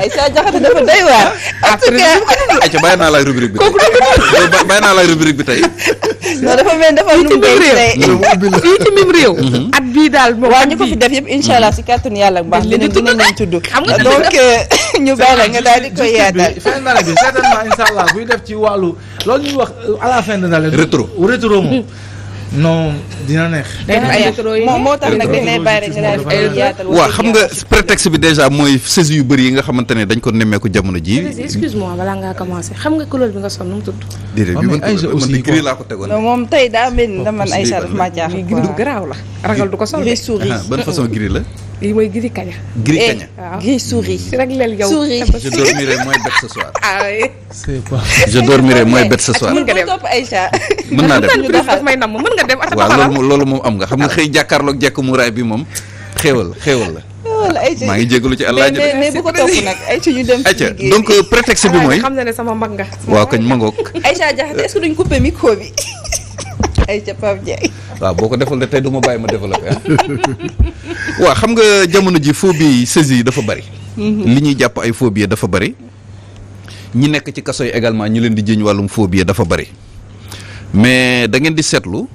Aïcha eh, Diakhaté dafa doy waar. Ah, ah, en tout cas ah, naa la rubrique bi tey bàyyi la rubrique bi tey. non dafa mel dafa nu mu béy fii ci mim mhm. at bii daal moom waaw ñu ko fi def yëpp incha allah si kàttanu yàlla bu baax dinañ dinañ leen tudd donc euh, ñu bàyyi la nga daal di koy yaatal fin d'année bi certainement incha allah buy def ci wàllu loolu ñuy wax euh, à la fin de l'année rétro rétro moom hmm. non dina neex. moo tax nag dañ lay bàyyi rek yaatal. waaw xam nga prétexte bi déjà mooy saisi yu bëri yi nga xamante ne dañ ko nemmeeku jamono ji excuse-moi balaa ngaa commencé xam nga couleur bi nga sol nu mu tudd. déedéet bi man man gris laa ko tegoon. moom tey daa mel ni oh, dama ay sa daf maa jaaxal. gris bu garaaw la ragal du ko sol. Ah, ban façon gris la. lii mooy gris kaña. gris eh, kaña waaw gris souris. Mm. rek leel yow ah je dormirai moins bête ce soir. mën nga dem mën naa dem daf may namm mën nga dem. waaw loolu loolu moom am nga xam nga xëy jàkkaarloog jekk muraay bi moom xéewal xéewal la. maa ngi jégalu ci allah mais mais bu ko topp nag ay ci ñu dem ci donc euh, prétexte bi mooy. xam na ne sama mag nga. waaw kañ ma ngoog. Aïcha bi. Aïcha Pape Ndiaye. waaw boo ko deful de tey du ma bàyyi ma développé ah. waaw xam nga jamono ji phobie yi saisie yi dafa bari. Mhm. li ñuy jàpp ay phobie dafa bari. ñi nekk ci kaso yi également ñu leen di jëñ wàllum phobie dafa bari mais dangeen di seetlu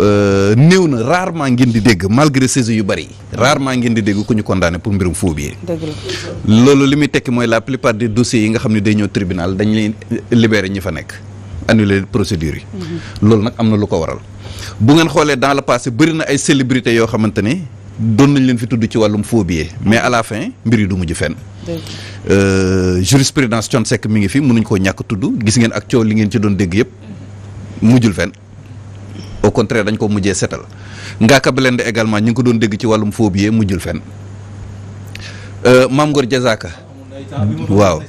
euh, néew na rarement ngeen di dégg malgré saisies yu bari rarement ngeen di dégg ku ñu condamné pour mbirum phobie. loolu li muy tekki mooy la plupart des dossiers yi nga xam ne day ñëw tribunal dañuy leen libéré ñi fa nekk annulé procédure yi. Mhm. loolu nag am na lu ko waral. bu ngeen xoolee dans le passé bëri na ay célébrités yoo xamante ni doon nañ leen fi tudd ci wàllum faux mais à fin mbir yi du mujj fenn. Euh, jurisprudence Thione Seck mi ngi fi mënuñ koo ñàkk tudd gis ngeen ak coow li ngeen ci doon dégg yëpp mujjul fen au contraire dañ ko mujjee setal Ngaaka Blindé également ñu ngi ko doon dégg ci wàllum faux billets mujjul fen euh, Mame Ngor Diazaka waaw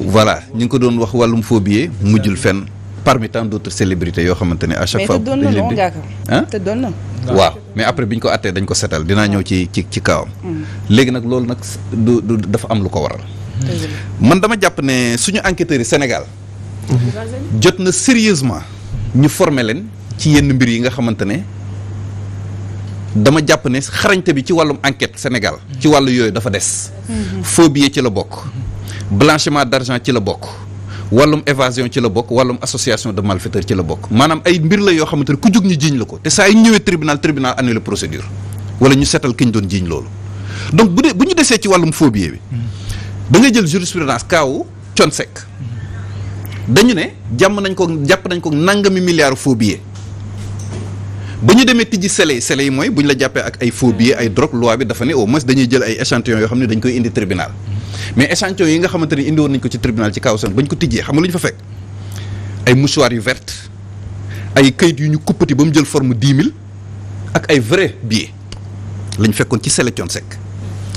voilà ñu ngi ko doon wax wàllum faux billets mujjul fenn. parmi tant d'autres célébrités yoo xamante ne à chaque fois. dañ leen di ah te doon na waaw mais après bi ñu ko attee dañ ko setal dinaa ñëw ci ci ci kaawam. Mm. léegi nag loolu nag du du dafa am lu ko waral. man dama jàpp ne suñu enquêteurs yi Sénégal. jot na sérieusement ñu former leen ci yenn mbir yi nga xamante ne dama jàpp ne xarañte bi ci wàllum enquête Sénégal. ci wàllu yooyu dafa des. faux mm-hmm. ci la bokk. blanchiment d'argent ci la bokk. wàllum évasion ci la bokk wàllum association de malfaiteurs ci la bokk maanaam ay mbir la yoo xamante ne ku jug ñu jiiñ la ko te saa yu ñëwee tribunal tribunal annulé procédure wala ñu seetal ki ñu doon jiiñ loolu donc bu dee bu ñu desee ci wàllum phobie bi da ngay jël jurisprudence kaawu Thione Seck dañu ne jàmm nañ ko jàpp nañ ko nangami milliards phobie ba ñu demee tijji sele yi sele yi mooy bu ñu la jàppee ak ay phobie ay drogue loi bi dafa ne dañuy jël ay échantillons yoo xam ne dañ koy indi tribunal mais échantillon yi nga xamante ni indi woon nañ ko ci tribunal ci kaw san bañ ko tijjee xam nga lu ñu fa fekk ay mouchoir yu vert ay kayit yu ñu kuppati ba mu jël formu dix mille ak ay vrai billet lañ fekkoon ci sélection sec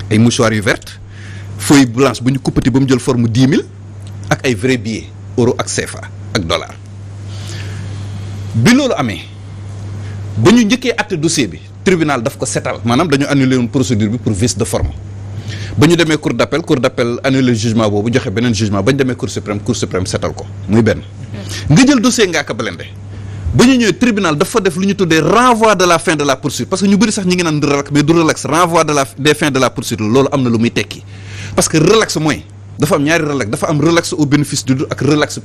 ay mouchoir yu verte feuille bu ñu kuppati ba mu jël forme dix mille ak ay vrai billet euro ak CFA ak dollar bi loolu amee ba ñu njëkkee àtte dossier bi tribunal daf ko setal maanaam dañu annulé woon procédure bi pour vice de forme ba ñu demee cour d' appel cour d' appel annulé jugement boobu joxe beneen jugement ba ñu demee cour suprême cour suprême setal ko muy benn. nga jël dossier Ngaaka Blindé ba ñu ñëwee tribunal dafa def lu ñu tuddee renvoi de la fin de la poursuite parce que ñu bëri sax ñi ngi naan relax mais du relax renvoi de la des de la poursuite loolu am na lu muy tekki parce que relax mooy. dafa am ñaari relax dafa am relax au bénéfice du doute ak relax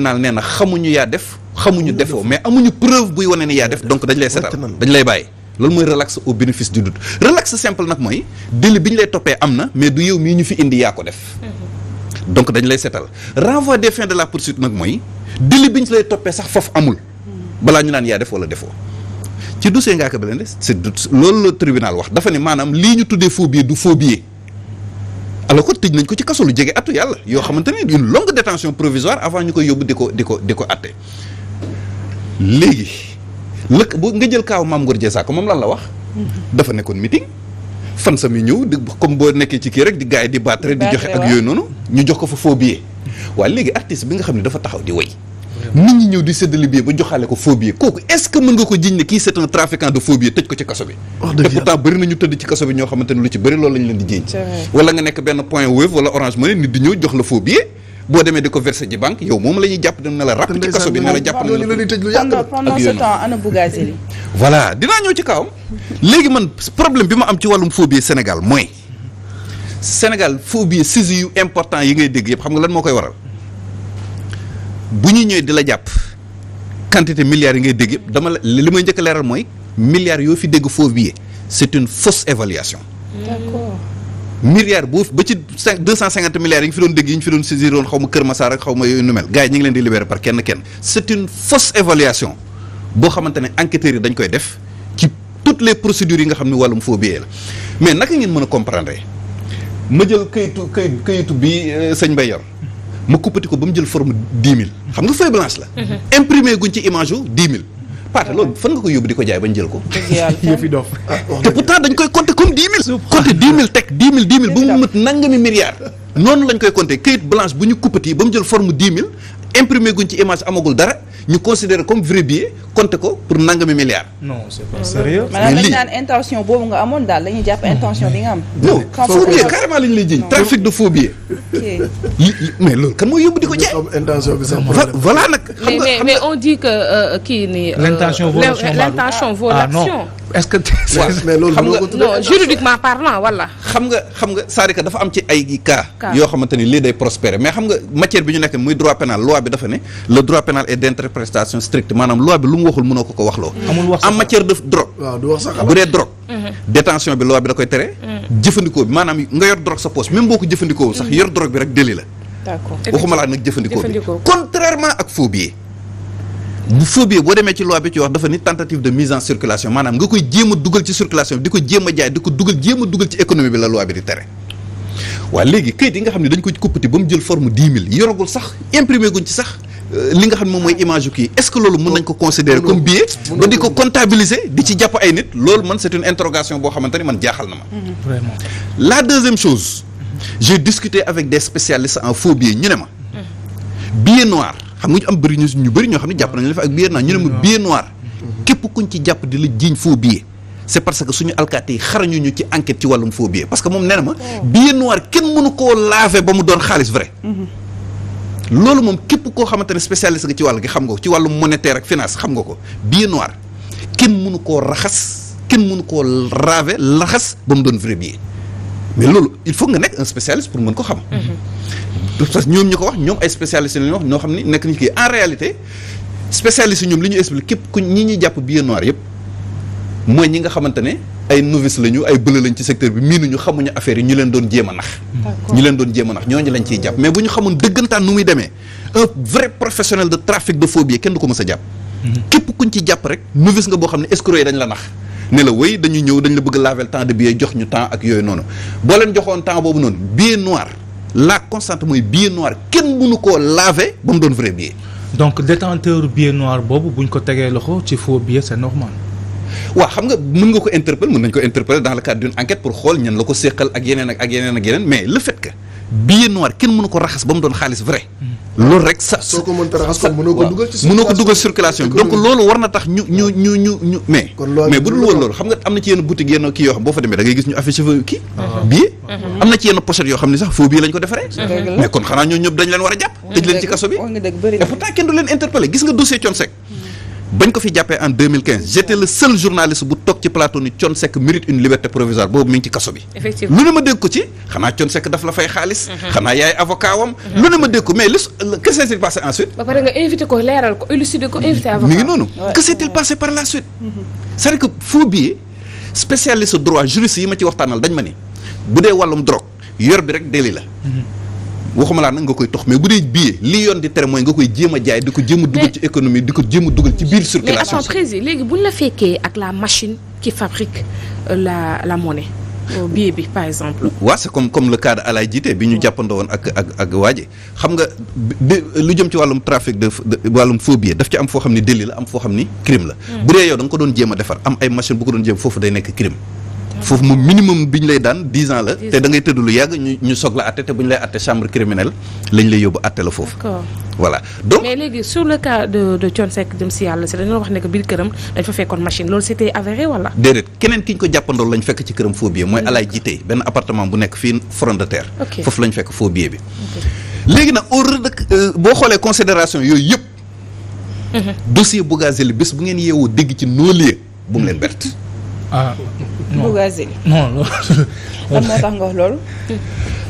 na xamuñu yaa def xamuñu defoo mais amuñu preuve buy wane yaa def donc dañ lay lay bàyyi loolu mooy relax au bénéfice du doute relax simple nag mooy délit bi ñu lay toppee am na mais du yow mii ñu fi indi yaa ko def mm-hmm. donc dañ lay seetal renvoi des fin de la pour site nag mooy délit bi ñu lay toppee sax foofu amul mm-hmm. balaa ñu naan yaa def wala defoo ci dossier Ngaaka se c'est loolu la tribunal wax dafa ne maanaam lii ñu tuddee faux billets du faux billets alors que tëj nañ ko ci kaso lu jege atu yàlla yoo xamante ne une longue détention provisoire avant ñu koy yóbbu di di ko di ko atte lëkk bu nga jël kaaw Mame Ngor Diazaka moom lan la wax. dafa nekkoon meeting. fan sam yi ñëw di comme boo nekkee ci kii rek di gars yi di battre di joxe ak yooyu noonu. ñu jox ko fa faux billet. waaye léegi artiste bi nga xam ne dafa taxaw di woy nit ñi ñëw di séddale billet ba joxaale ko faux kooku est mën nga ko jiñ ne kii c'est un trafiquant de ko ci kaso bi te pourtant bëri nañu tëdd ci kaso bi ñoo xamante ci bëri loolu lañ leen di jiñ wala nga nekk benn point wave wala orange money nit di boo demee di ko verser ji banque yow moom la ñuy jàpp dem na la ràpp ci kaso bi na la jàpp na la tëj lu yàgg pendant ce temps ana Bougazelli voilà dinaa ñëw ci kawam léegi man problème bi ma am ci wàllum phobie Sénégal mooy Sénégal phobie saisie yu important yi ngay dégg yëpp xam nga lan moo koy waral bu ñu ñëwee di la jàpp quantité milliards yi ngay dégg yëpp dama la li may njëkk leeral mooy milliards yoo fi dégg phobie c'est une fausse évaluation milliards bu ba ci cinq deux cent cinquante milliards yi ñu fi doon dégg yi ñu fi doon saisir xaw ma Kër Massar xaw ma yooyu nu mel yi ñu ngi leen di par kenn kenn c'est une fausse évaluation boo xamante ne enquêteurs yi dañ koy def ci toutes les procédures yi nga xam ne wàllum faux billet la mais naka ngeen mën a comprendre ma jël kayitu kayitu bi euh, sëñ Mbaye yor ma kuppati ko ba mu jël forme dix mille xam nga feuille blanche la mhm. imprimé guñ ci image wu dix paate loolu fan nga ko yóbbu di ko jaay bañ jël ko. yëf yi dof ah, te pourtant dañ koy compter comme dix mille. compter dix mille teg dix mille dix ba mu mët nangami milliards. noonu lañ koy compter kayit blanche bu ñu kuppati ba mu jël forme dix mille guñ ci image amagul dara. ñu considérer comme vrai billet compter ko pour nangami milliards. non c'est mais lii maanaam intention boobu nga amoon daal dañuy jàpp intention bi nga am. non faux billet carrément lañu lay jiiñ trafic de faux mais loolu kan moo yóbbu di ko jaay. intention bi sax voilà nag. xam nga mais mais on dit que euh, kii nii. Euh, l'intention vaut est-ce que. mais loolu xam nga xam nga xam nga dafa am ci ay cas. yoo xamante ni lii day prospérer mais xam nga matière bi ñu nekk muy droit pénal loi bi dafa ne. le droit pénal est d'interprétation stricte maanaam loi bi lu mu waxul mënoo ko ko wax loo. amul matière de drogue. bu dee drogue. Mhm. détention bi loi bi da koy tere. Mhm. jëfandikoo bi maanaam nga yor drogue sa poche même ko jëfandikoo sax mhm. yor drogue bi rek délit la. d'accord waxuma laa nag jëfandikoo bi contrairement ak phobie bu phobie boo demee ci loi bi ci wax dafa ni tentative de mise en circulation maanaam nga koy jéem dugal ci circulation bi di ko jéem jaay di ko dugal jéem dugal ci économie bi la loi bi di tere waaw léegi këyit yi nga xam ne dañ ko ci kuppati ba mu jël forme dix sax imprimé guñ ci sax euh, li nga xam ne mooy image yu kii est-ce que loolu mën nañ ko considérer comme billet ba di ko comptabiliser di ci jàpp ay nit loolu man c'est une interrogation boo xamante xam nga ñu am bëri ñu ñu bëri ñoo xam ne jàpp nañu mhm. jàpp di la jiiñ faux billet suñu alkaate yi xarañu ci enquête ci wàllum faux billet parce que moom nee na ma oh. billet noir kenn mënu koo ba mu doon xaalis vrai mhm. loolu moom képp koo xamante ne spécialiste nga ci wàll gi xam nga ko ci wàllum monétaire ak finance xam ko billet noir kenn mënu koo raxas kenn mënu koo raver laxas ba mu doon vrai billet mais loolu il faut nga nekk un spécialiste pour mën ko xam mhm. de toute façon ñoom ñu ko wax ñoom ay spécialistes la ñu wax ñoo nekk nañu kii ñoom li ñu expliqué képp ku ñi ñuy jàpp billet noir yëpp mooy ñi nga xamante ne ay novice la ñu ay bële lañ ci secteur bi miinuñu xamuñu affaire yi ñu leen doon jéem a nax ñu leen doon jéem a nax ñooñu lañ ciy jàpp mais bu ñu xamoon dëggantaan nu muy demee un vrai professionnel de trafic de faux billets kenn du ko mës a jàpp mhm. képp kuñ ci jàpp rek novice nga boo xam ne escrocs yi dañ la nax ne la ñëw dañ la bëgg lavel temps de ñu temps ak yooyu noonu boo leen joxoon temps boobu noonu billet noir la constante mooy billet noir kenn mënu koo laver ba mu doon vrai billet. donc détenteur billet noir boobu buñ ko tegee loxo ci faux billet c'est normal. waaw xam nga mën nga ko interpeller mën nañ ko interpeller dans le cadre d'une enquête pour xool ñan la ko séqal ak yeneen ak yeneen ak yeneen mais le fait que. billet noir kenn mënu ko raxas ba mu doon xaalis vrai loolu rek sa soo ko mënta raxas ko mënoo ko ko dugal circulation donc loolu war na tax ñu ñu ñu mais mais bu dul woon loolu xam nga am na ci yenn boutique yenn kii yoo xam boo fa demee da gis ñu affiché fa kii uh-huh. billet uh-huh. am na ci yenn pochette yoo xam ne sax faux billet lañ ko defaree mais kon xanaa ñoo ñëpp dañ leen war a jàpp tëj leen ci kaso bi et kenn du leen interpellé gis nga dossier bañ ko fi jàppee en 2015 j'étais le seul journaliste bu toog ci plateau ni Thione Seck mérite une liberté provisoire boobu mi ngi ci kaso bi. lu ne ma dégg ko ci xanaa Thione Seck daf la fay xaalis. Mhm. xanaa yaay avocat wam. Mhm. lu ne ma dégg ko mais li que s'est-il passé ensuite. ba pare nga noonu. que il passé par la suite. Mhm. c'est-à-dire que droit juriste yi ma ci waxtaanal dañ ma ne bu dee wàllum drogue yor bi rek délit la. waxuma laa nag nga koy tox mais bu dee billet li yoon di tere mooy nga koy jéem a jaay di ko jéem a dugal ci économie di ko jéem a dugal ci biir circulation mais attends la fekkee ak la machine qui fabrique euh, la la monnaie billet bi par exemple waaw c'est comme comme le cas de Alaay bi ñu jàppandoo woon ak ak ak waaje xam nga lu jëm ci wàllum trafic de wàllum faux billet daf ci am foo xam ni délit la am foo xam ni crime la hmm. bu dee yow da ko doon jéem a defar am ay machine bu ko doon jéem foofu day nekk crime foofu moom minimum bi ñu lay daan dix ans la te da ngay tëdd lu yàgg ñu ñu soog la àtte te bu ñu lay àtte chambre criminelle lañ lay yóbbu àtte la foofu voilà donc sur le cas de de Thione Seck si yàlla si dañoo wax ne biir këram dañ fa fekkoon machine loolu c'était avéré wala déedéet keneen ki ñu ko jàppandool lañ fekk ci këram faux billet mooy alaay jitee benn appartement bu nekk fii front de terre foofu lañ fekk faux bi léegi nag au rëdd euh, boo xoolee yooyu yëpp mhm. dossier bu ngeen yeewoo dégg Bougazelli non lan moo tax nga wax loolu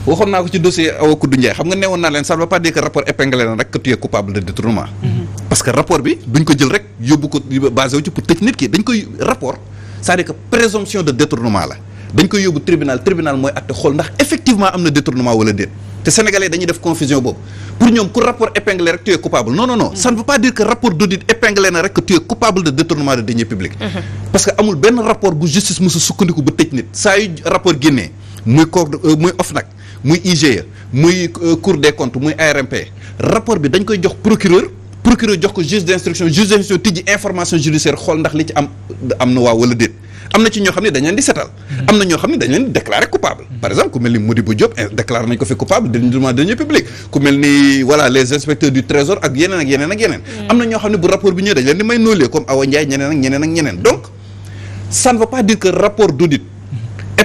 waxoon naa ko ci dossier Awa Koudou Ndiaye xam nga neewoon naa leen ça ne rapport épinglé na rek que coupable de détournement mhm. parce que rapport bi duñ ko jël rek yóbbu ko basé ci pour tëj dañ koy rapport c'est-à-dire présomption de détournement la dañ koy yóbbu tribunal tribunal mooy àtte xool ndax effectivement am na détournement wala déet te sénégalais dañu def confusion boobu pour ñoom ku rapport épinglé rek tu coupable non non non. ne veut pas dire que rapport d'audit épinglé na rek que tu es coupable de détournement de deniers publics. Mm-hmm. parce que amul benn rapport bu justice mësu sukkandiku ba tëj nit. saa yu rapport génnee muy co euh, muy OFNAC muy IGE muy euh, cour des comptes muy ARMP rapport bi dañ koy jox procureur. procureur jox ko juge d'instruction juge d'instruction tijji information judiciaire xool ndax li ci am am na waaw wala am na ci ñoo xam ne dañ leen di setal mm-hmm. am na ñoo xam ne dañ leen di déclarer coupable mm-hmm. par exemple ku mel ni Modibo Diop eh, déclaré nañ ko fi coupable détournement deniers publics ku mel ni voilà les inspecteurs du trésor ak yeneen ak yeneen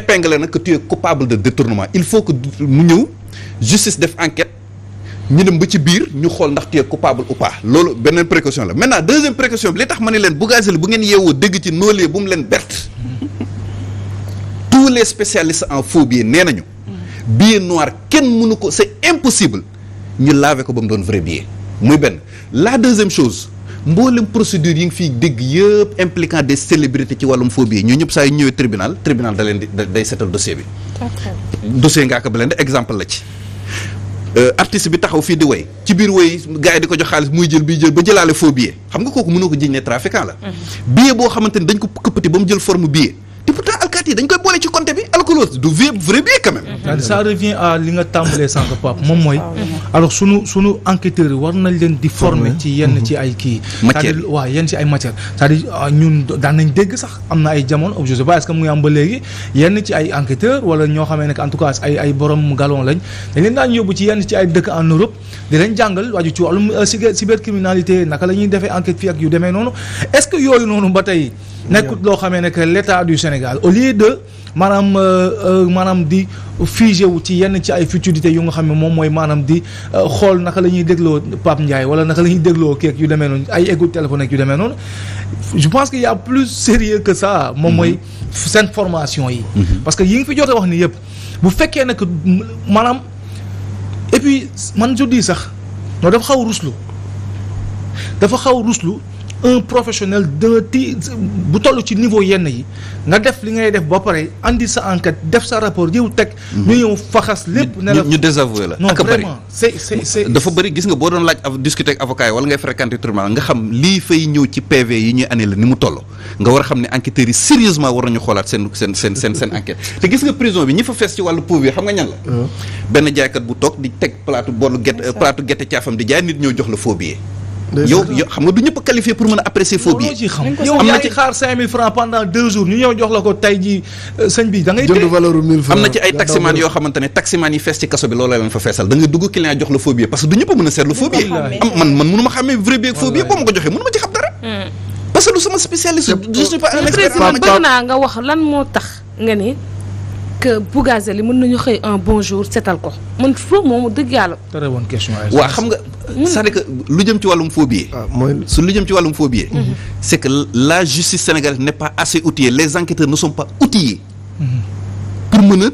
de détournement il faut que mu ñëw justice def enquête ñu ba ci biir ñu xool ndax tu es coupable ou loolu beneen précaution la maintenant deuxième précaution bi li tax ma ne leen Bougazelli bu ngeen yeewoo dégg ci noolee bu mu leen bert tous les spécialistes en ko c'est impossible ñu laver ko ba mu doon vrai billet. muy benn la deuxième chose mboolem procédure yi nga fiy dégg yëpp impliquant des célébrités ci wàllum faux billet ñoo ñëpp saa yu ñëwee tribunal tribunal da leen di day setal dossier bi. dossier ngaa ko ba leen di exemple la ci. Euh, artiste bi taxaw fii di woy ci biir woy gars yi di ko jox xaalis muy jël biy jël ba jëlaale faux xam nga kooku mënoo ko jiñ ne trafiquant la. Mm-hmm. billet boo xamante dañ ko këppati ba mu jël forme billet te yi dañ koy boole ci code alcoolose du vrai vrai bien quand même. ça revient à li nga tàmbalee sànq Pape moom mooy. alors sunu sunu enquêteurs yi war nañ leen di former ci yenn ci ay kii. matière waaw yenn ci ay matière c'est-à-dire euh, ñun daan nañ dégg sax am na ay jamono je sais pas est-ce que mu ngi am ba léegi yenn ci ay enquêteurs wala ñoo xamee ne en tout cas ay ay borom galon lañ dañ leen daan yóbbu ci yenn ci ay dëkk en Europe di leen jàngal waaju ci wàllum euh, cybercriminalité naka la ñuy defee enquête fii ak yu demee noonu est-ce que yooyu noonu ba tey nekkut loo xamee ne que l'État du Sénégal au lieu de maanaam euh, Euh, euh, maanaam di figé wu ci yenn ci ay futurité yu nga xam ne moom mooy maanaam di euh, xool naka lañuy ñuy dégloo Pape Ndiaye wala naka la ñuy dégloo keek yu demee noonu ay écoute téléphone ak yu demee noonu je pense qu'il y a plus sérieux que ça moom mooy mhm. seen formation yi mhm. parce que yi nga fi jotee wax ni yëpp bu fekkee nag maanaam et puis man je dis sax non dafa xaw ruslu dafa xaw ruslu un professionnel d'un ti bu toll ci niveau yenn yi nga def li ngay def ba pare andi sa enquête def sa rapport yow teg. Mhm. ñu ñëw faxas lépp. ne la ñu désavoué la. non vraiment c'est c'est c'est dafa bëri gis nga boo doon laaj discuter ak avocat yi wala ngay fréquenter nga xam lii fay ñëw ci PV yi ñuy annulé ni mu toll nga war a xam ne enquêteurs yi sérieusement war nañu xoolaat seen seen seen seen seen enquête te gis nga prison bi ñi fa fees ci wàllu pauvre yi xam nga ñan la. benn jaaykat bu toog di teg plaatu boolu gerte plaatu gerte caafam di jaay nit ñëw jox la faux billet yow yow xam nga du ñëpp qualifié pour mën a apprécier faux billet. yow yaa ngi xaar 5000 francs pendant 2 jours ñu ñëw jox la ko tey jii euh, sëñ bi da ngay. am na ci ay taximan yoo xamante ne yi fees ci kaso bi loolu la leen fa feesal da dugg client jox la faux parce que du ñëpp mën a seetlu faux am man man mënu ma xàmmee vrai billet ak faux billet ma ko joxee mënu ma ci xam dara. Hmm. parce que du sama spécialiste. je suis pas un expert. que Bougazelli mën nañu xëy un bon jour seetal ko man foofu moom dëgg yàlla. très bonne question waaw xam nga. c'est-à-dire que lu jëm ci wàllum phobie. Ah, mooy su lu jëm ci wàllum phobie. Mhm. c'est que la justice sénégalaise n'est pas assez outillée les enquêteurs ne sont pas outillés. Mhm. pour mën a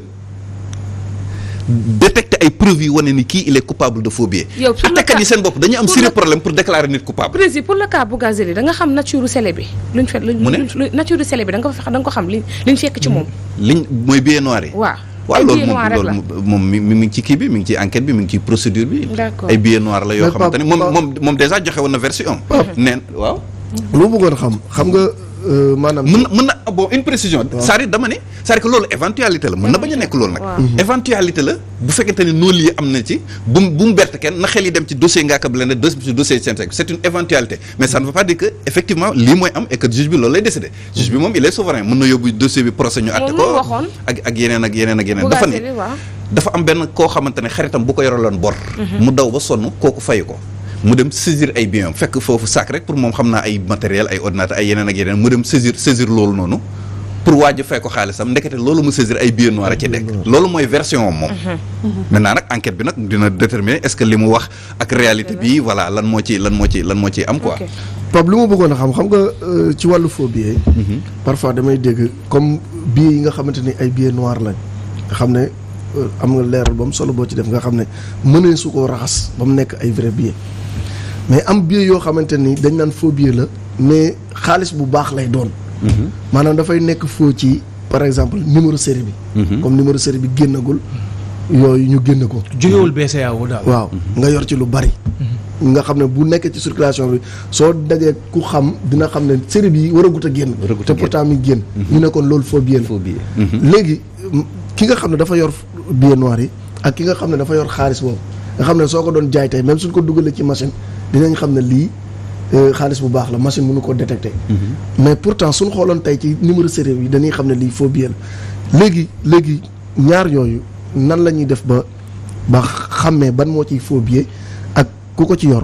détecter ay preuves wane ni kii il coupable de faux billets. yi seen bopp dañuy am sérieux problème pour déclarer nit coupable. président pour le cas Bougazelli da nga xam nature scellé bi. luñ fekk luñ nature scellé bi da ko fa da ko xam liñ liñ fekk ci moom. Mm-hmm. liñ mooy billet noir yi. waaw waaw loolu moom mi mi ngi ci kii bi mi ci enquête bi mi ci procédure bi. ay billet noir la yoo xamante ni moom moom moom déjà joxe woon na version. nee waaw. lu mu bëggoon Euh, maanaam mën na mën na bon une précision. cest dama ne cest à loolu éventualité la mën na bañ nekk loolu nag. Mhm. éventualité la bu fekkente ne noonu lii am na ci bu mu berte kenn na xel yi dem ci dossier Ngaaka Blindé dossier Sénégal c'est une mais ça ne veut que effectivement lii mooy am et que bi loolu lay décider mhm. juge bi moom il souverain mën na yóbbu dossier bi procès ñu àtte ko ak yeneen ak yeneen ak yeneen dafa ne dafa am benn koo mu dem saisir ay biens fekk foofu sac rek pour moom xam naa ay matériel ay ordinateur ay yeneen ak yeneen mu dem saisir saisir loolu noonu pour waaj a fay ko xaalisam ndekete loolu mu saisir ay billets noirs a ci dekk loolu mooy version moom maintenant nag enquête bi nag dina déterminer est-ce que li mu wax ak réalité bi voilà lan moo ci lan moo ci lan moo ciy am quoi Pape li ma bëggoon a xam xam nga euh, ci wàllu faux billets mhm. parfois damay dégg comme billets yi nga xamante ni ay billets noirs lañ nga xam ne euh, am nga leeral mu solo boo ci def nga xam ne mënee su ko raxas ba mu nekk ay vrai billets mais am billet yoo xamante ni dañ naan faux billet la mais xaalis bu baax lay doon. Mhm. maanaam dafay nekk foo ci par exemple numéro série bi. Mhm. comme numéro série bi génnagul yooyu ñu génn ko. jógewul BCEAO wu daal. waaw nga yor ci lu bari. Mhm. nga xam ne bu nekkee ci circulation bi soo dajee ku xam dina xam ne série bi waragut a génn. te pourtant mi génn. ñu ne kon loolu faux billet la. léegi ki nga xam ne dafa yor billet noir yi ak ki nga xam ne dafa yor xaalis boobu. nga xam ne soo ko doon jaay tey même suñ ko dugalee ci machine dinañ xam ne lii euh, xaalis bu baax la machine mënu ko détecté. Mm-hmm. mais pourtant suñ xooloon tey ci numéro sérieux yi dañuy xam ne lii faux billet la léegi léegi ñaar yooyu nan la ñuy def ba ba xàmmee ban moo ciy faux ak ku ko ci yor.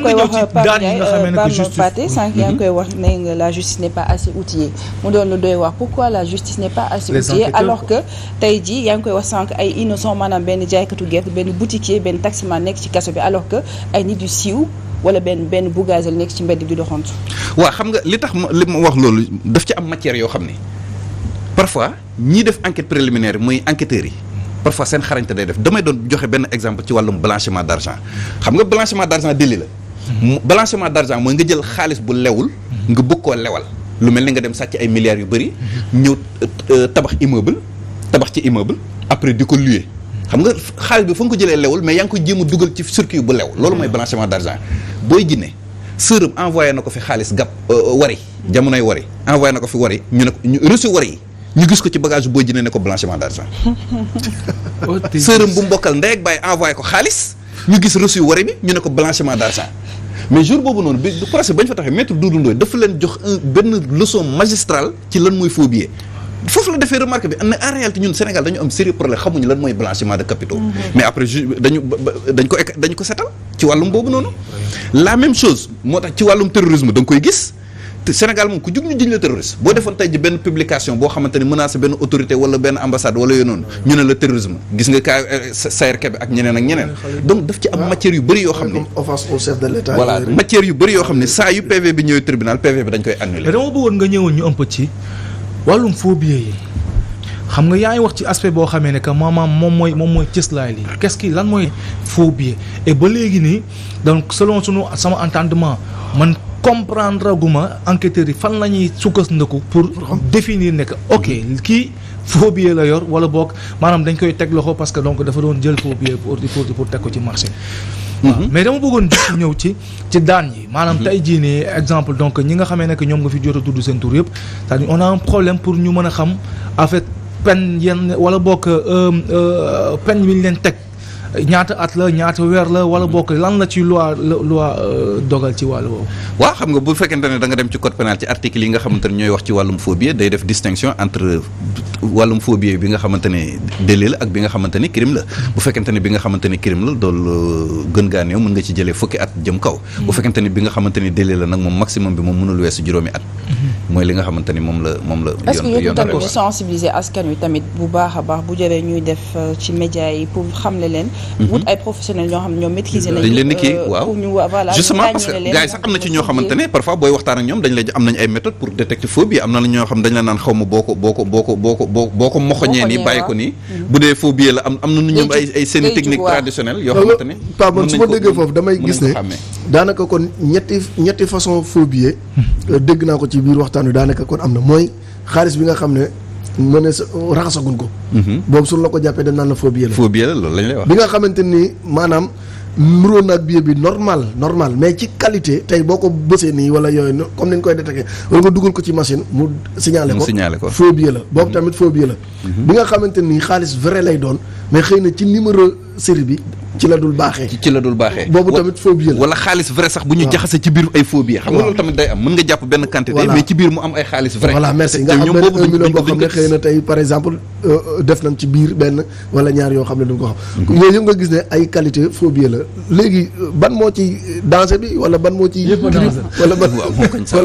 ngi koy wax Pam euh, Pathé sànq yaa ngi mhm. koy wax ne la justice n'est pas assez outillée mu doon lu doy wax pourquoi la justice n'est pas assez outillée alors que tey ji yaa ngi koy wax sànq ay innocent maanaam benn jaaykatu gerte benn boutiquier benn taximan nekk ci kaso bi alors que ay nit yu siiw wala benn benn bugazel nekk ci mbedd di doxantu. waa xam nga li tax ma li ma wax loolu daf ci am matière yoo xam ne parfois ñii def enquête préliminaire mooy enquêteurs yi parfois seen xarañte day def damay doon joxe benn exemple ci wàllum blanchiment d'argent xam nga blanchiment d'argent délit la. blanchiment d'argent mooy nga jël xaalis bu lewul nga bëgg koo lewal lu mel ni nga dem sàcc ay milliards yu bëri ñëw euh, tabax immeuble tabax ci immeuble après di ko louer xam nga xaalis bi foo nga ko jëlee lewul mais yaa ngi ko jéem a dugal ci circuit bu lew loolu mooy blanchiment d'argent booy jinne sërëm envoyé na ko fi xaalis gab euh, euh, wari jamonoy wari envoyé na ko fi wari ñu ne ko ñu reçu wari ñu gis ko ci bagage booy jinne ne ko blanchiment d'argent oh, sërëm bu mbokkal ndey ak bàyyi envoyé ko xaalis ñu gis reçu wari bi ñu ne ko blanchiment d'argent mais jour boobu noonu bi procès bañ fa taxee maître Doudou Ndoye dafa leen jox benn leçon magistrale ci lan mooy faux foofu la defee remarque bi ne en réalité ñun Sénégal dañu am sérieux problème xamuñu lan mooy blanchiment de capitaux. Mm-hmm. mais après ju dañu dañ ko dañ ko setal ci wàllum boobu noonu. la même chose moo tax ci wàllum terrorisme da koy gis. Sénégal moom ku jug ñu jiñ la terroriste boo defoon tey benn publication boo xamante ne menacé benn autorité wala benn ambassade wala yooyu noonu ñu ne la terrorisme gis nga kaa euh, Sayer Kebe ak ñeneen ak ñeneen donc daf ci am matière yu bëri yoo xam ne offense au chef matière yu bëri yoo xam ne saa yu PV bi ñëwee tribunal PV bi dañ koy annulé dama bëggoon nga ñëwoon ñu un peu ci wàllum phobie yi xam nga yaa ngi wax ci aspect boo xamee ne que maanaam moom mooy moom mooy cëslaay lii qu'est-ce qui lan mooy phobie et ba léegi nii donc selon sunu sama entendement man comprendre guma enquêteurs yi fan la ñuy sukkandiku pour définir ne que ok kii phobie la yor wala boog maanaam dañ koy teg loxo parce que donc dafa doon jël phobie pour pour pour teg ko ci marché waaw mhm. mais dama bëggoon ñëw ci ci daan yi maanaam mhm. tey jii nii exemple donc ñi nga xamee nekk ñoom nga fi jot a tudd seen tur yëpp c'est-à-dire on a un problème pour ñu mën a xam en pen peine yenn wala boog euh, euh, peine bi ñu leen teg ñaata at la ñaata weer la wala bokk lan la ci loi loi euh, dogal ci wàll woowu. waa xam nga bu fekkente ne da nga dem ci code pénal ci article yi nga xamante ne ñooy wax ci wàllum phobie day def distinction entre wàllum phobie bi nga xamante ne délit la ak bi nga xamante ne crime la bu fekkente ne bi nga xamante ne crime la doolu euh, gën gaa néew mën nga ci jëlee fukki at jëm kaw. bu fekkente ne bi nga xamante ne délit la nag moom maximum bi moom mënul weesu juróomi at. Mhm. mooy li nga xamante ni moom la moom la. est-ce que yéen tamit sensibiliser askan wi tamit bu baax baax bu jëree ñuy def euh, média yi pour xamle leen Mhm. wut ay professionnels ñoo xam ne ñoom maîtriser nañu. dañ leen di kii euh, waaw pour ñu voilà. justement parce que gars sax am na ci ñoo xamante parfois booy waxtaan ak ñoom dañ leen am nañ ay méthode pour détecter phobie am na ñoo mhm. ñoom ay seen technique traditionnelle yoo xamante ne pa déggee foofu damay gis ne daanaka kon ñetti ñetti façon phobie euh, dégg naa ko ci biir waxtaan wi daanaka kon am na mooy xaalis bi nga xam ne mu ne sa raxasaguñ ko. Mhm. boobu suñ la ko jàppee dañ naan la la. faux la loolu lañ lay wax. bi nga xamante ni maanaam muroon naag billet bi normal normal mais ci qualité tey boo ko bësee nii wala yooyu comme ni ñu koy détecté wala nga dugal ko ci machine mu. signalé ko mu signalé ko faux la. boobu mhm. tamit faux billet la. Mhm. bi nga xamante ni xaalis vrai lay doon mais xëy na ci numéro série bi. ci la dul baaxee ci la dul baaxee boobu tamit phobie la wala xaalis vrai sax bu ñu jaxase ci biir ay phobie xam nga loolu tamit day am mën nga jàpp benn quantité mais ci biir mu am ay xaalis vrai voilà merci nga xam benn un million boo xam ne xëy na tey par exemple euh, euh, def nañ ci biir benn wala ñaar yoo xam ne duñ ko xam yooyu yëpp nga gis ne ay qualité phobie la léegi euh, ban moo ci danger bi wala ban moo ci yëpp wala ban moo koñ sax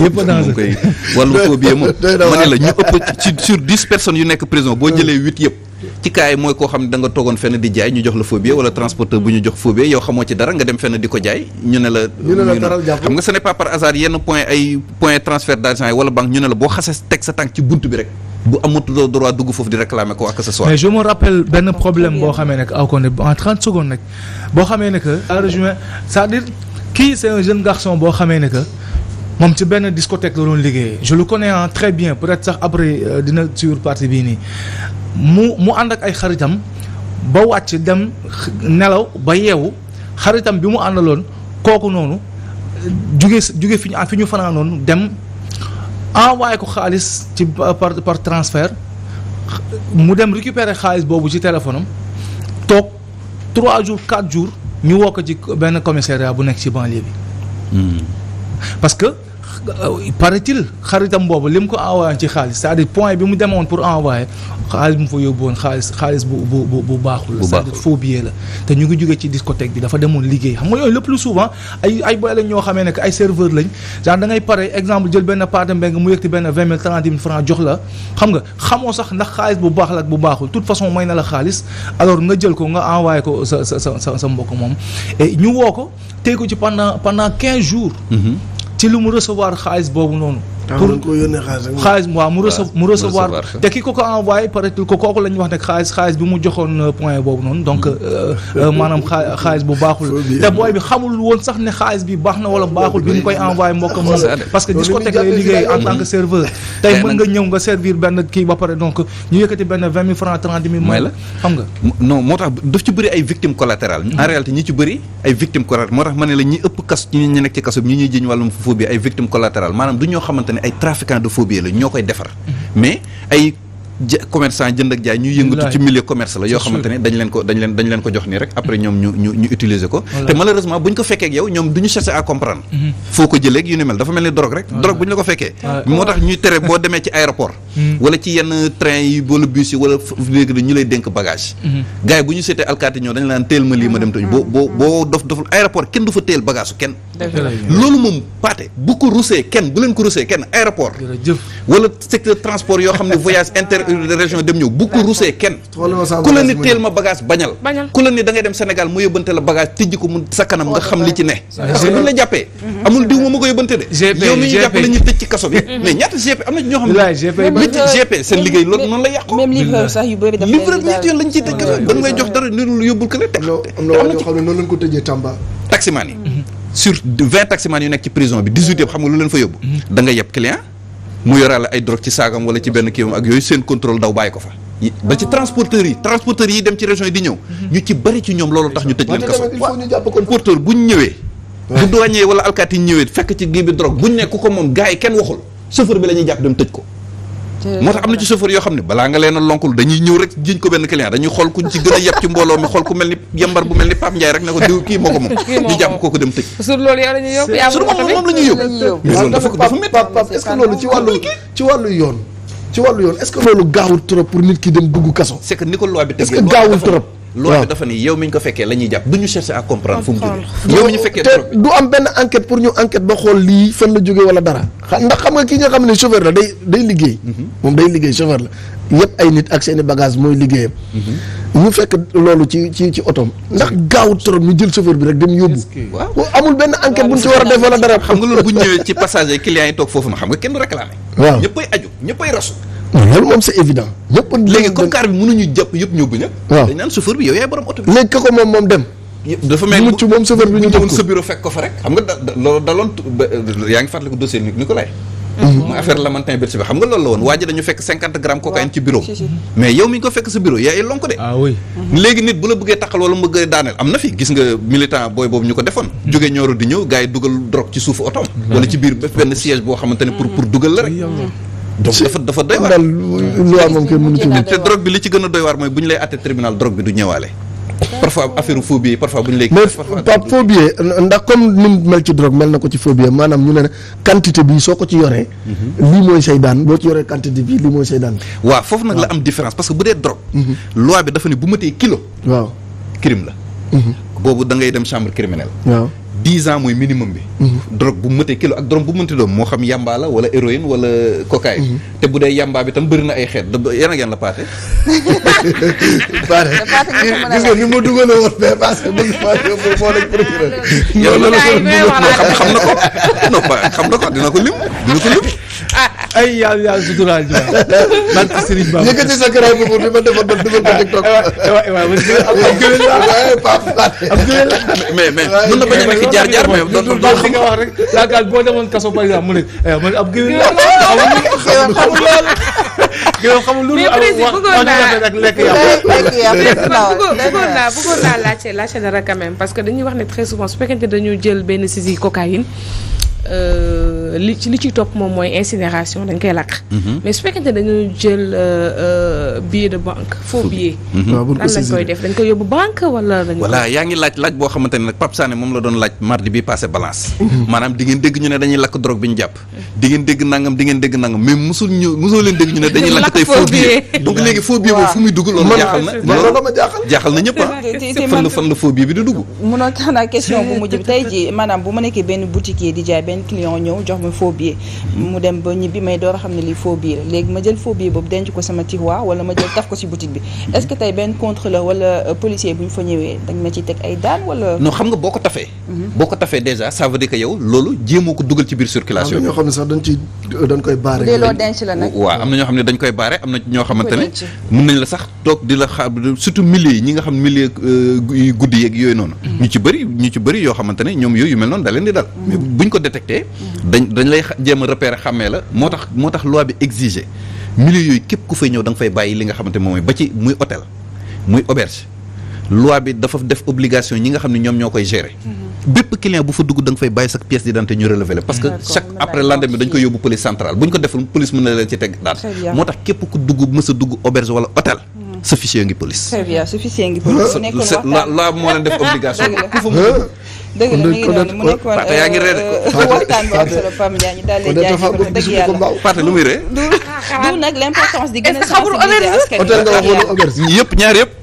yëpp danger koy wàllu phobie moom ma ne la ñu ëpp ci sur dix personnes yu nekk prison boo jëlee huit yëpp ci kaay mooy koo xam ne da nga toogoon fenn di jaay ñu jox la phobie wala transporteur bu ñu jox phobie yow xamoo ci dara nga dem fenn di ko jaay ñu ne la xam nga ce n'est pas yenn point ay point transfert d'argent yi wala banque ñu ne la boo xasee teg sa tànk ci bunt bi rek bu amatuloo droit dugg foofu di réclamer ko ak mais je me rappelle benn problème boo xamee ne aw kon en boo xamee ne que à rejoindre dire kii c'est un jeune garçon boo moom ci benn discothèque la doon liggéey je le connais en très bien peut-être sax après euh, dina suivre partie bii nii mu mu ànd ak ay xaritam ba wàcc dem nelaw ba yeewu xaritam bi mu àndaloon kooku noonu juge jugee fi ñu fi ñu fanaanoon dem envoyé ko xaalis ci par par transfert mu dem récupérer xaalis boobu ci téléphone am toog trois jours quatre jours ñu woo ko ci benn commissariat bu nekk ci banlieue bi. Hmm. paraît-il xaritam boobu li mu ko envoyé ci xaalis cest à point bi mu demoon pour envoyer xaalis bu mu fa yóbbuwoon xaalis xaalis bu bu bu baaxul la c'est-à-dire la te ñu ngi jógee ci discothèque bi dafa demoon liggéey xam nga yooyu le plus souvent ay ay boy lañ ñoo xamee ne ay serveur lañ genre da ngay pare exemple jël benn paate mbeng mu yëkkati benn vingt mille trente mille francs jox la xam nga xamoo sax ndax xaalis bu baax la bu baaxul toute façon may na la xaalis alors nga jël ko nga envoyé ko sa sa sa sa mbokk moom ñu woo ko tey ko ci pendant pendant quinze jours mm-hmm. ci lu mu recevoir xaalis boobu noonu pour xaalis waaw mu recevoir mu te ki ko ko envoyé paraît-il ko kooku la wax nag xaalis xaalis bi mu joxoon euh, point boobu noonu donc euh, euh, maanaam xaalis bu baaxul te booy bi xamul woon sax ne xaalis bi baax na wala baaxul bi mu koy envoyé mbokkam moom parce mm-hmm. ba pare la xam nga non moo tax daf ci bëri ay victimes collatérales mm-hmm. en réalité ñi ci bëri ay victimes collatérales moo tax ma ne la ñi ëpp kas ñi ñu nekk ci kaso bi ñi bi ay victimes collatérales maanaam du ñoo xamante ay trafiquants de phobie la ñoo koy defar mais ay commerçant jënd ak jaay ñuy yëngatu ci milieu commerce la yoo xamante ne dañ leen ko dañ leen ko jox nii rek après ñoom ñu ñu ko te malheureusement buñ ko fekkee ak yow ñoom duñu chercher à comprendre mm-hmm. foo ko jëlee yu ni mel dafa mel ni drogue rek drogue bu ñu la ko fekkee moo tax ñuy tere boo demee ci aéroport mm-hmm. wala ci yenn train yi wala bus yi wala véhicule ñu lay dénk bagage mm-hmm. gars yi bu ñu seetee alkaati ñoo dañ laan teel ma lii ma dem tañ boo boo région dem ñëw bu ko kenn ku la ni teel ma bagage bañal ku la ni da dem Sénégal mu yóbbante la bagage tijj ko mu sa kanam nga xam li ci ne parce que bu ñu mhm. jox dara lu yóbbul ko la teg yi mhm. sur vingt taximaan yu nekk ci prison bi dix-huit yëpp xam nga lu leen fa yóbbu mhm. da nga client mu yoraale ay drogue ci saagam wala ci benn kiiwam ak yooyu seen contrôle daw bàyyi ko fa ba ci ah. transporteurs yi transporteurs yi dem ci région yi di ñëw mhm. ñu ci bëri ci ñoom loolu tax ñu tëj leen kaso porteur buñ ñëwee bu douanier wala alkaati yi ñëwee fekk ci lii bi drogue buñ ne ku ko moom gars yi kenn waxul chauffeur bi la ñuy jàpp dem tëj ko moo tax am na ci chauffeur yoo xam ne balaa nga leen a lonkul dañuy ñëw rek jiñ ko benn client dañuy xool kuñ ci gën a yeb ci mbooloo mi xool ku mel ni yembar bu mel ni Pape Ndiaye rek ne ko diw kii moo ko moom ñu jàpp kooku loolu yow la dafa dafa métti loolu ci wàllu ci wàllu yoon ci wàllu yoon est loolu gaawul trop pour nit ki dem dugg kaso c'est ni ko loi bi est-ce que gaawul trop loi dafa ni yow mi ñu ko fekkee la ñuy jàpp du ñu chercher à comprendre fu mu jógee yow mi ñu fekkee te du am benn enquête pour ñu enquête ba xool lii fan la jógee wala dara ndax xam nga kii nga xam ne chauffeur la day day liggéey mhm. moom day liggéey chauffeur la yëpp ay nit ak seeni bagage mooy liggéeyam mhm. ñu fekk loolu ci ci ci otom ndax gaaw trop mu jël chauffeur bi rek dem yóbbu waaw amul benn enquête bu ñu ci war a def wala dara xam nga loolu bu ñëwee ci passager foofu ma xam nga kenn du réclamé waaw ñëppay aju ñëppay loolu moom c'est évident. ñëpp léegi comme car bi mënuñu jàpp yëpp ñëw bu ñëpp. waaw dañ naan chauffeur bi yow yaay borom oto bi. léegi ka ko moom moom dem. dafa mel mucc moom chauffeur bi ñu jàpp sa bureau fekk ko fa rek. xam nga da daloon yaa ngi fàttaliku dossier ni ko lay mhm. mooy affaire Lamantin Bersi bi xam nga loolu la woon waa ji fekk cinquante grammes cocaïne ci bureau mais yow mi ngi ko fekk sa bureau yaay lonk de ah mhm. léegi nit bu la bëggee taxal wala na fi gis nga militant ko defoon mhm. jógee ñooro dugal drogue suufu otoom boo xamante ne pour pour donc dafa dafa doy waar loi moom kenn mënu ci drogue bi li ci gën a doy waar mooy bu ñu lay àtte tribunal drogue bi du ñëwaale parfois affaire phobie parfois bu ñu lay. mais ko ci maanaam ñu ne quantité bi soo ko ci yoree. Mhm. lii daan boo ci yoree quantité bi lii mooy say waaw foofu nag la am différence parce que bu dee drogue. Mhm. loi bi dafa ne bu matee kilo. waaw crime la. Mhm. boobu da ngay dem chambre criminelle. waaw dix ans mooy minimum bi. Mhm. drogue bu mëtee kilo ak drogue bu mënti doom moo xam yamba la héroïne wala cocaïne. Mhm. te bu dee yamba bi tam bëri na ay xeet yan ak yan la paase. paase gis nga ni ma dugalee woon mais paase bëgg naa yóbbu moo nekk procureur. yow xam na ko non xam na ko dina ko lim dina ko lim. Ah, ay yàlla yàlla suturaal ji waay. barke Serigne Ba. yëkkati sa karaw bu bi ma defoon ba dugal ko TikTok. waaw waaw mais mais mën na bañ a nekk jaar jaar mais. dootul dootul xam nga wax rek. yaakaar boo demoon kaso par exemple mu ne eh, man ab gëwël la xamul xamul loolu. gëwël xamul lu wax wax dëgg ak lekk yàlla. bëggoon naa bëggoon naa laajte laajte dara quand même parce que dañuy wax ne très souvent su fekkente dañu jël benn saisie cocaïne Euh, li ci li ciy topp moom mooy incinération dañ koy lakk. Mhm. mais su fekkente ne dañoo jël euh, euh, billet de mhm. koy def dañ koy yóbbu banque wala. dañ voilà yaa ngi laaj laaj boo xamante ne nag Pape moom la doon laaj mardi bi passé balance. maanaam di ngeen dégg ñu ne dañuy lakk drogue bi ñu jàpp. di dégg nangam di dégg nangam mais mosul ñu mosoo leen dégg ñu ne dañuy lakk tey faux donc léegi faux boobu fu muy dugg loolu jaaxal na. loolu dama jaaxal jaaxal na ñëpp ah. fan na question bu mujj benn client ñëw jox ma faux billet mu dem ba ñibbi may door a xam ne lii faux billet la léegi ma jël faux billet boobu denc ko sama tiroir wala ma jël taf ko ci boutique bi est-ce que tey benn contrôleur wala euh, policier bu ñu fa ñëwee dañ ma ciy teg ay daan wala non xam nga boo ko tafee mhm. boo ko tafee déjà ça veut dire que loolu jéemoo ko dugal ci biir circulation am na ñoo xam ne dañ koy baare dee loo am na ñoo xam ne dañ koy baare am na ñoo xamante ne mën nañ la sax toog di la xaar surtout yi ñi nga xam milieu euh, guddi yeeg yooyu noonu mhm. ñu ci bëri ñu ci bëri yoo xamante ne ñoom yooyu yu mel noonu da leen di dal mhm. mais respecté. dañ dañ lay jéem a repérer xàmmee la moo tax moo tax loi bi exiger milieu yooyu képp ku fay ñëw da nga fay bàyyi li nga xamante moom mooy ba ci muy hôtel muy auberge loi bi dafa def obligation ñi nga xam ne ñoom ñoo koy gérer. Mm-hmm. bépp client bu fa dugg da nga fay bàyyi sa pièce d'identité ñu relever la. parce que chaque après lendemain dañ koy yóbbu police centrale bu ñu ko deful police mën na leen ci teg daal. moo tax képp ku dugg mës a dugg auberge wala hôtel. Mm-hmm. sa fichier ngi police. très bien moo leen def obligation dëgg la mi ngi noonu mu yaa ngi ree de euh, waxtaan bu am solo Pam Ndiaye ñu daal di jaajëfal dëgg yàlla Pathé lu muy ree du nag l'importance di gën a sensibiliser askan wi yëpp ñaar yëpp